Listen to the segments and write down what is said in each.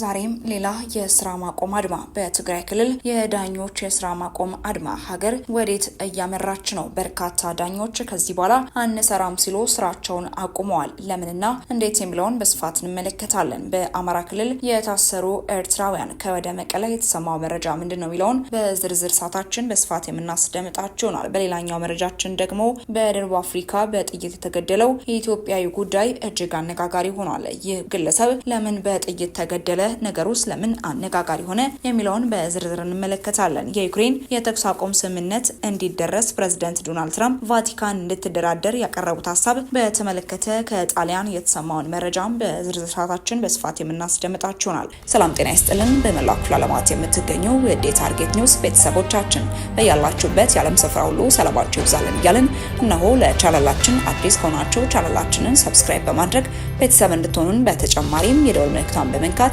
ዛሬም ሌላ የስራ ማቆም አድማ በትግራይ ክልል የዳኞች የስራ ማቆም አድማ ሀገር ወዴት እያመራች ነው? በርካታ ዳኞች ከዚህ በኋላ አንሰራም ሲሉ ስራቸውን አቁመዋል። ለምንና እንዴት የሚለውን በስፋት እንመለከታለን። በአማራ ክልል የታሰሩ ኤርትራውያን ከወደ መቀለ የተሰማው መረጃ ምንድን ነው የሚለውን በዝርዝር ሰዓታችን በስፋት የምናስደምጣችሁ ይሆናል። በሌላኛው መረጃችን ደግሞ በደቡብ አፍሪካ በጥይት የተገደለው የኢትዮጵያዊ ጉዳይ እጅግ አነጋጋሪ ሆኗል። ይህ ግለሰብ ለምን በጥይት ተገደለ ነገሩስ ለምን አነጋጋሪ ሆነ የሚለውን በዝርዝር እንመለከታለን። የዩክሬን የተኩስ አቁም ስምምነት እንዲደረስ ፕሬዝደንት ዶናልድ ትራምፕ ቫቲካን እንድትደራደር ያቀረቡት ሀሳብ በተመለከተ ከጣሊያን የተሰማውን መረጃም በዝርዝር ሰዓታችን በስፋት የምናስደምጣችሁ ይሆናል። ሰላም ጤና ይስጥልን። በመላው ክፍለ ዓለማት የምትገኙ የዴ ታርጌት ኒውስ ቤተሰቦቻችን በያላችሁበት የዓለም ስፍራ ሁሉ ሰላማችሁ ይብዛልን እያልን እነሆ ለቻናላችን አዲስ ከሆናችሁ ቻናላችንን ሰብስክራይብ በማድረግ ቤተሰብ እንድትሆኑን በተጨማሪም የደወል ምልክቷን በመንካት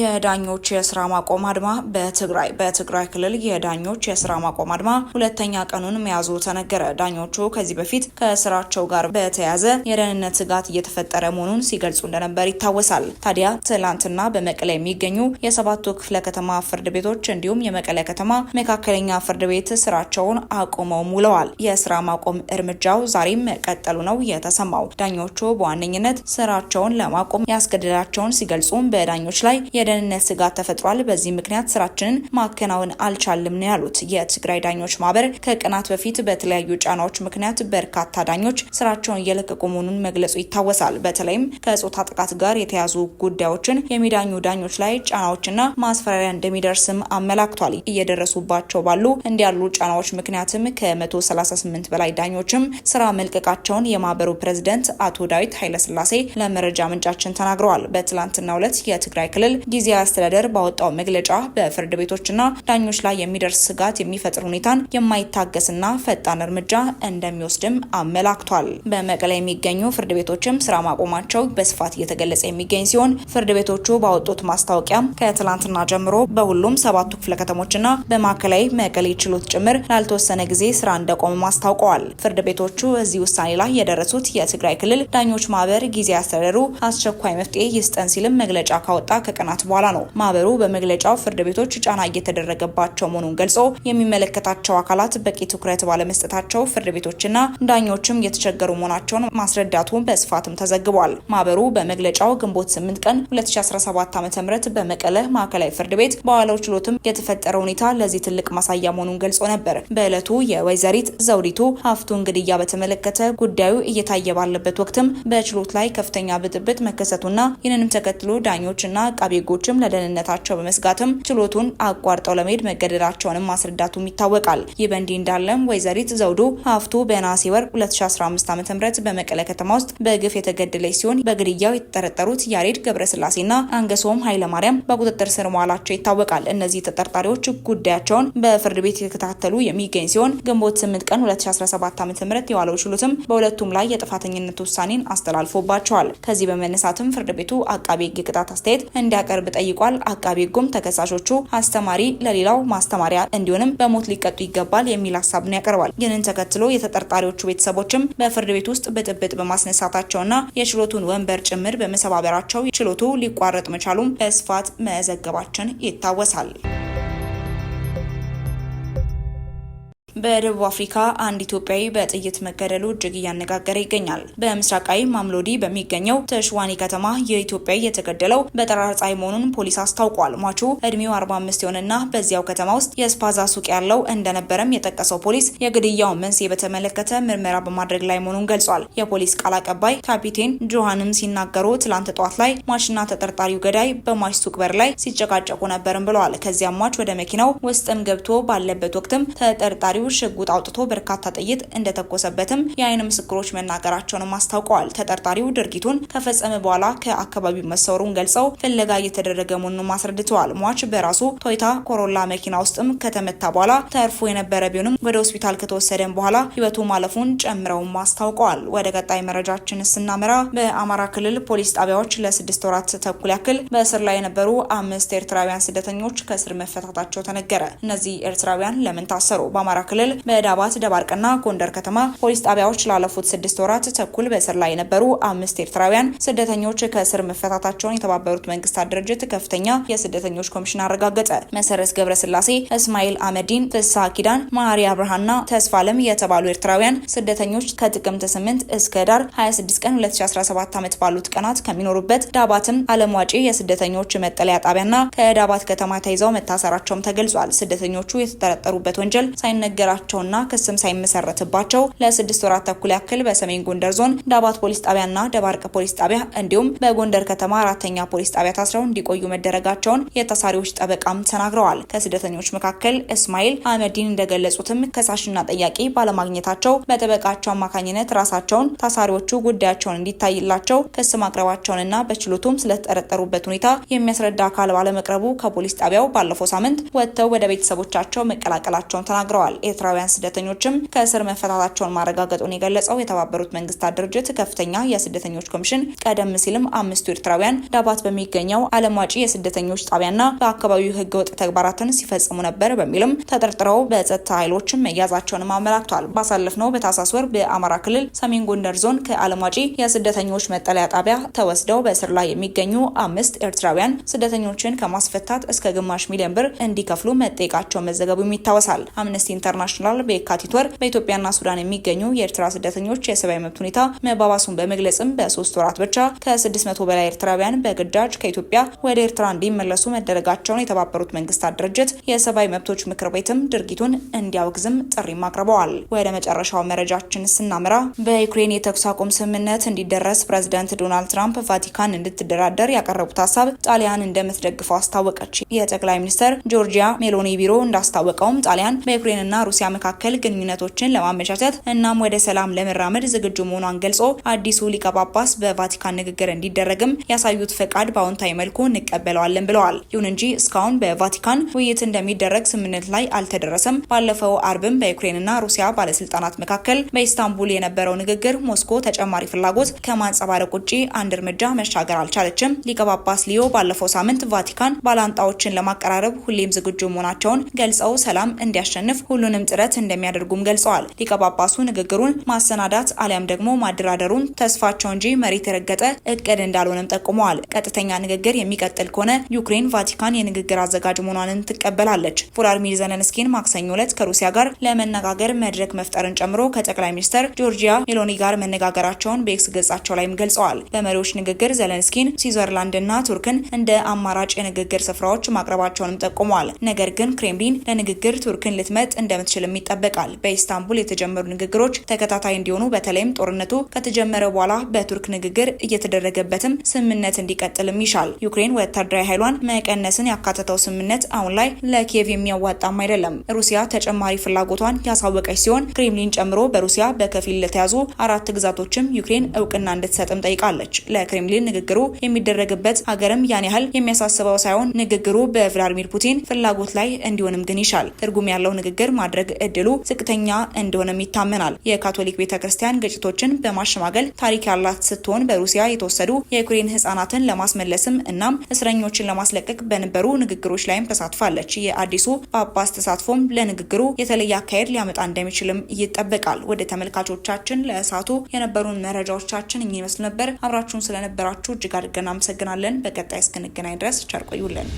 የዳኞች የስራ ማቆም አድማ በትግራይ በትግራይ ክልል የዳኞች የስራ ማቆም አድማ ሁለተኛ ቀኑን መያዙ ተነገረ። ዳኞቹ ከዚህ በፊት ከስራቸው ጋር በተያያዘ የደህንነት ስጋት እየተፈጠረ መሆኑን ሲገልጹ እንደነበር ይታወሳል። ታዲያ ትላንትና በመቀለ የሚገኙ የሰባቱ ክፍለ ከተማ ፍርድ ቤቶች እንዲሁም የመቀለ ከተማ መካከለኛ ፍርድ ቤት ስራቸውን አቁመው ውለዋል። የስራ ማቆም እርምጃው ዛሬም መቀጠሉ ነው የተሰማው። ዳኞቹ በዋነኝነት ስራቸውን ለማቆም ያስገደዳቸውን ሲገልጹም በዳኞች ላይ የደህንነት ስጋት ተፈጥሯል። በዚህ ምክንያት ስራችንን ማከናወን አልቻልም ነው ያሉት። የትግራይ ዳኞች ማህበር ከቀናት በፊት በተለያዩ ጫናዎች ምክንያት በርካታ ዳኞች ስራቸውን እየለቀቁ መሆኑን መግለጹ ይታወሳል። በተለይም ከጾታ ጥቃት ጋር የተያዙ ጉዳዮችን የሚዳኙ ዳኞች ላይ ጫናዎችና ማስፈራሪያ እንደሚደርስም አመላክቷል። እየደረሱባቸው ባሉ እንዲያሉ ጫናዎች ምክንያትም ከ138 በላይ ዳኞችም ስራ መልቀቃቸውን የማህበሩ ፕሬዝደንት አቶ ዳዊት ኃይለስላሴ ለመረጃ ምንጫችን ተናግረዋል። በትላንትናው ዕለት የትግራይ ክልል ጊዜያዊ አስተዳደር ባወጣው መግለጫ በፍርድ ቤቶችና ዳኞች ላይ የሚደርስ ስጋት የሚፈጥር ሁኔታን የማይታገስና ፈጣን እርምጃ እንደሚወስድም አመላክቷል። በመቀለ የሚገኙ ፍርድ ቤቶችም ስራ ማቆማቸው በስፋት እየተገለጸ የሚገኝ ሲሆን ፍርድ ቤቶቹ ባወጡት ማስታወቂያም ከትላንትና ጀምሮ በሁሉም ሰባቱ ክፍለ ከተሞችና በማዕከላዊ መቀሌ ችሎት ጭምር ላልተወሰነ ጊዜ ስራ እንደቆሙ አስታውቀዋል። ፍርድ ቤቶቹ እዚህ ውሳኔ ላይ የደረሱት የትግራይ ክልል ዳኞች ማህበር ጊዜ አስተዳደሩ አስቸኳይ መፍትሄ ይስጠን ሲልም መግለጫ ካወጣ ከቀናት ቀናት በኋላ ነው። ማህበሩ በመግለጫው ፍርድ ቤቶች ጫና እየተደረገባቸው መሆኑን ገልጾ የሚመለከታቸው አካላት በቂ ትኩረት ባለመስጠታቸው ፍርድ ቤቶችና ዳኞችም እየተቸገሩ መሆናቸውን ማስረዳቱ በስፋትም ተዘግቧል። ማህበሩ በመግለጫው ግንቦት 8 ቀን 2017 ዓ.ም በመቀለ ማዕከላዊ ፍርድ ቤት በዋለው ችሎትም የተፈጠረ ሁኔታ ለዚህ ትልቅ ማሳያ መሆኑን ገልጾ ነበር። በዕለቱ የወይዘሪት ዘውዲቱ ሀፍቱ እንግድያ በተመለከተ ጉዳዩ እየታየ ባለበት ወቅትም በችሎት ላይ ከፍተኛ ብጥብጥ መከሰቱና ይህንንም ተከትሎ ዳኞችና አቃቤ ዜጎችም ለደህንነታቸው በመስጋትም ችሎቱን አቋርጠው ለመሄድ መገደዳቸውንም ማስረዳቱም ይታወቃል። ይህ በእንዲህ እንዳለም ወይዘሪት ዘውዱ ሀፍቱ በነሐሴ ወር 2015 ዓ ም በመቀለ ከተማ ውስጥ በግፍ የተገደለች ሲሆን በግድያው የተጠረጠሩት ያሬድ ገብረስላሴና አንገሶም ኃይለማርያም በቁጥጥር ስር መዋላቸው ይታወቃል። እነዚህ ተጠርጣሪዎች ጉዳያቸውን በፍርድ ቤት የተከታተሉ የሚገኝ ሲሆን ግንቦት 8 ቀን 2017 ዓ ም የዋለው ችሎትም በሁለቱም ላይ የጥፋተኝነት ውሳኔን አስተላልፎባቸዋል። ከዚህ በመነሳትም ፍርድ ቤቱ አቃቤ ሕግ ቅጣት አስተያየት እንዲያቀ እንዲያቀርብ ጠይቋል። አቃቢ ጉም ተከሳሾቹ አስተማሪ ለሌላው ማስተማሪያ እንዲሆንም በሞት ሊቀጡ ይገባል የሚል ሀሳብን ያቀርባል። ይህንን ተከትሎ የተጠርጣሪዎቹ ቤተሰቦችም በፍርድ ቤት ውስጥ ብጥብጥ በማስነሳታቸውና የችሎቱን ወንበር ጭምር በመሰባበራቸው ችሎቱ ሊቋረጥ መቻሉም በስፋት መዘገባችን ይታወሳል። በደቡብ አፍሪካ አንድ ኢትዮጵያዊ በጥይት መገደሉ እጅግ እያነጋገረ ይገኛል። በምስራቃዊ ማምሎዲ በሚገኘው ተሽዋኒ ከተማ የኢትዮጵያ የተገደለው በጠራር ፀሐይ መሆኑን ፖሊስ አስታውቋል። ሟቹ እድሜው 45 የሆነና በዚያው ከተማ ውስጥ የስፓዛ ሱቅ ያለው እንደነበረም የጠቀሰው ፖሊስ የግድያውን መንስኤ በተመለከተ ምርመራ በማድረግ ላይ መሆኑን ገልጿል። የፖሊስ ቃል አቀባይ ካፒቴን ጆሃንም ሲናገሩ ትላንት ጠዋት ላይ ሟችና ተጠርጣሪው ገዳይ በሟች ሱቅ በር ላይ ሲጨቃጨቁ ነበርም ብለዋል። ከዚያም ሟች ወደ መኪናው ውስጥም ገብቶ ባለበት ወቅትም ተጠርጣሪው ሽጉጥ አውጥቶ በርካታ ጥይት እንደተኮሰበትም የአይን ምስክሮች መናገራቸውንም አስታውቀዋል። ተጠርጣሪው ድርጊቱን ከፈጸመ በኋላ ከአካባቢው መሰወሩን ገልጸው ፍለጋ እየተደረገ መሆኑንም አስረድተዋል። ሟች በራሱ ቶይታ ኮሮላ መኪና ውስጥም ከተመታ በኋላ ተርፎ የነበረ ቢሆንም ወደ ሆስፒታል ከተወሰደም በኋላ ህይወቱ ማለፉን ጨምረውም አስታውቀዋል። ወደ ቀጣይ መረጃችን ስናመራ በአማራ ክልል ፖሊስ ጣቢያዎች ለስድስት ወራት ተኩል ያክል በእስር ላይ የነበሩ አምስት ኤርትራውያን ስደተኞች ከእስር መፈታታቸው ተነገረ። እነዚህ ኤርትራውያን ለምን ታሰሩ? በአማራ ክልል መዳባት፣ ደባርቅና ጎንደር ከተማ ፖሊስ ጣቢያዎች ላለፉት ስድስት ወራት ተኩል በእስር ላይ የነበሩ አምስት ኤርትራውያን ስደተኞች ከእስር መፈታታቸውን የተባበሩት መንግስታት ድርጅት ከፍተኛ የስደተኞች ኮሚሽን አረጋገጠ። መሰረት ገብረስላሴ፣ እስማኤል አመዲን፣ ፍስሐ ኪዳን፣ ማሪ አብርሃና ተስፋለም የተባሉ ኤርትራውያን ስደተኞች ከጥቅምት 8 እስከ ዳር 26 ቀን 2017 ዓመት ባሉት ቀናት ከሚኖሩበት ዳባትም አለም ዋጪ የስደተኞች መጠለያ ጣቢያና ከዳባት ከተማ ተይዘው መታሰራቸውም ተገልጿል። ስደተኞቹ የተጠረጠሩበት ወንጀል ሳይነገር መታገላቸውና ክስም ሳይመሰረትባቸው ለስድስት ወራት ተኩል ያክል በሰሜን ጎንደር ዞን ዳባት ፖሊስ ጣቢያና ደባርቅ ፖሊስ ጣቢያ እንዲሁም በጎንደር ከተማ አራተኛ ፖሊስ ጣቢያ ታስረው እንዲቆዩ መደረጋቸውን የተሳሪዎች ጠበቃም ተናግረዋል። ከስደተኞች መካከል እስማኤል አህመዲን እንደገለጹትም ከሳሽና ጠያቂ ባለማግኘታቸው በጠበቃቸው አማካኝነት ራሳቸውን ታሳሪዎቹ ጉዳያቸውን እንዲታይላቸው ክስ ማቅረባቸውንና በችሎቱም ስለተጠረጠሩበት ሁኔታ የሚያስረዳ አካል ባለመቅረቡ ከፖሊስ ጣቢያው ባለፈው ሳምንት ወጥተው ወደ ቤተሰቦቻቸው መቀላቀላቸውን ተናግረዋል። ኤርትራውያን ስደተኞችም ከእስር መፈታታቸውን ማረጋገጡን የገለጸው የተባበሩት መንግስታት ድርጅት ከፍተኛ የስደተኞች ኮሚሽን ቀደም ሲልም አምስቱ ኤርትራውያን ዳባት በሚገኘው ዓለም ዋጪ የስደተኞች ጣቢያና በአካባቢው ህገወጥ ተግባራትን ሲፈጽሙ ነበር በሚልም ተጠርጥረው በጸጥታ ኃይሎችም መያዛቸውንም አመላክቷል። ባሳለፍነው በታህሳስ ወር በአማራ ክልል ሰሜን ጎንደር ዞን ከዓለም ዋጪ የስደተኞች መጠለያ ጣቢያ ተወስደው በእስር ላይ የሚገኙ አምስት ኤርትራውያን ስደተኞችን ከማስፈታት እስከ ግማሽ ሚሊዮን ብር እንዲከፍሉ መጠየቃቸው መዘገቡም ይታወሳል። አምነስቲ ኢንተርና ኢንተርናሽናል በየካቲት ወር በኢትዮጵያና ሱዳን የሚገኙ የኤርትራ ስደተኞች የሰብአዊ መብት ሁኔታ መባባሱን በመግለጽም በሶስት ወራት ብቻ ከ600 በላይ ኤርትራውያን በግዳጅ ከኢትዮጵያ ወደ ኤርትራ እንዲመለሱ መደረጋቸውን የተባበሩት መንግስታት ድርጅት የሰብአዊ መብቶች ምክር ቤትም ድርጊቱን እንዲያወግዝም ጥሪም አቅርበዋል። ወደ መጨረሻው መረጃችን ስናመራ በዩክሬን የተኩስ አቁም ስምምነት እንዲደረስ ፕሬዚደንት ዶናልድ ትራምፕ ቫቲካን እንድትደራደር ያቀረቡት ሀሳብ ጣሊያን እንደምትደግፈው አስታወቀች። የጠቅላይ ሚኒስትር ጆርጂያ ሜሎኒ ቢሮ እንዳስታወቀውም ጣሊያን በዩክሬንና በሩሲያ መካከል ግንኙነቶችን ለማመቻቸት እናም ወደ ሰላም ለመራመድ ዝግጁ መሆኗን ገልጾ አዲሱ ሊቀ ጳጳስ በቫቲካን ንግግር እንዲደረግም ያሳዩት ፈቃድ በአዎንታዊ መልኩ እንቀበለዋለን ብለዋል። ይሁን እንጂ እስካሁን በቫቲካን ውይይት እንደሚደረግ ስምምነት ላይ አልተደረሰም። ባለፈው አርብም በዩክሬንና ሩሲያ ባለስልጣናት መካከል በኢስታንቡል የነበረው ንግግር ሞስኮ ተጨማሪ ፍላጎት ከማንጸባረቅ ውጭ አንድ እርምጃ መሻገር አልቻለችም። ሊቀ ጳጳስ ሊዮ ባለፈው ሳምንት ቫቲካን ባላንጣዎችን ለማቀራረብ ሁሌም ዝግጁ መሆናቸውን ገልጸው ሰላም እንዲያሸንፍ ሁሉንም ምንም ጥረት እንደሚያደርጉም ገልጸዋል። ሊቀ ጳጳሱ ንግግሩን ማሰናዳት አሊያም ደግሞ ማደራደሩን ተስፋቸው እንጂ መሬት የረገጠ እቅድ እንዳልሆነም ጠቁመዋል። ቀጥተኛ ንግግር የሚቀጥል ከሆነ ዩክሬን ቫቲካን የንግግር አዘጋጅ መሆኗንን ትቀበላለች። ቮላድሚር ዘለንስኪን ማክሰኞ ዕለት ከሩሲያ ጋር ለመነጋገር መድረክ መፍጠርን ጨምሮ ከጠቅላይ ሚኒስትር ጆርጂያ ሜሎኒ ጋር መነጋገራቸውን በኤክስ ገጻቸው ላይም ገልጸዋል። በመሪዎች ንግግር ዘለንስኪን ና ቱርክን እንደ አማራጭ የንግግር ስፍራዎች ማቅረባቸውንም ጠቁመዋል። ነገር ግን ክሬምሊን ለንግግር ቱርክን ልትመጥ እንደም እንደምትችልም ይጠበቃል። በኢስታንቡል የተጀመሩ ንግግሮች ተከታታይ እንዲሆኑ በተለይም ጦርነቱ ከተጀመረ በኋላ በቱርክ ንግግር እየተደረገበትም ስምምነት እንዲቀጥልም ይሻል። ዩክሬን ወታደራዊ ኃይሏን መቀነስን ያካተተው ስምምነት አሁን ላይ ለኪየቭ የሚያዋጣም አይደለም። ሩሲያ ተጨማሪ ፍላጎቷን ያሳወቀች ሲሆን ክሬምሊን ጨምሮ በሩሲያ በከፊል ለተያዙ አራት ግዛቶችም ዩክሬን እውቅና እንድትሰጥም ጠይቃለች። ለክሬምሊን ንግግሩ የሚደረግበት ሀገርም ያን ያህል የሚያሳስበው ሳይሆን ንግግሩ በቭላዲሚር ፑቲን ፍላጎት ላይ እንዲሆንም ግን ይሻል። ትርጉም ያለው ንግግር ማድረግ የማድረግ እድሉ ዝቅተኛ እንደሆነም ይታመናል። የካቶሊክ ቤተ ክርስቲያን ግጭቶችን በማሸማገል ታሪክ ያላት ስትሆን በሩሲያ የተወሰዱ የዩክሬን ህጻናትን ለማስመለስም እናም እስረኞችን ለማስለቀቅ በነበሩ ንግግሮች ላይም ተሳትፋለች። የአዲሱ ጳጳስ ተሳትፎም ለንግግሩ የተለየ አካሄድ ሊያመጣ እንደሚችልም ይጠበቃል። ወደ ተመልካቾቻችን ለእሳቱ የነበሩን መረጃዎቻችን እኚህ ይመስሉ ነበር። አብራችሁን ስለነበራችሁ እጅግ አድርገን አመሰግናለን። በቀጣይ እስክንገናኝ ድረስ ቸር ቆዩልን።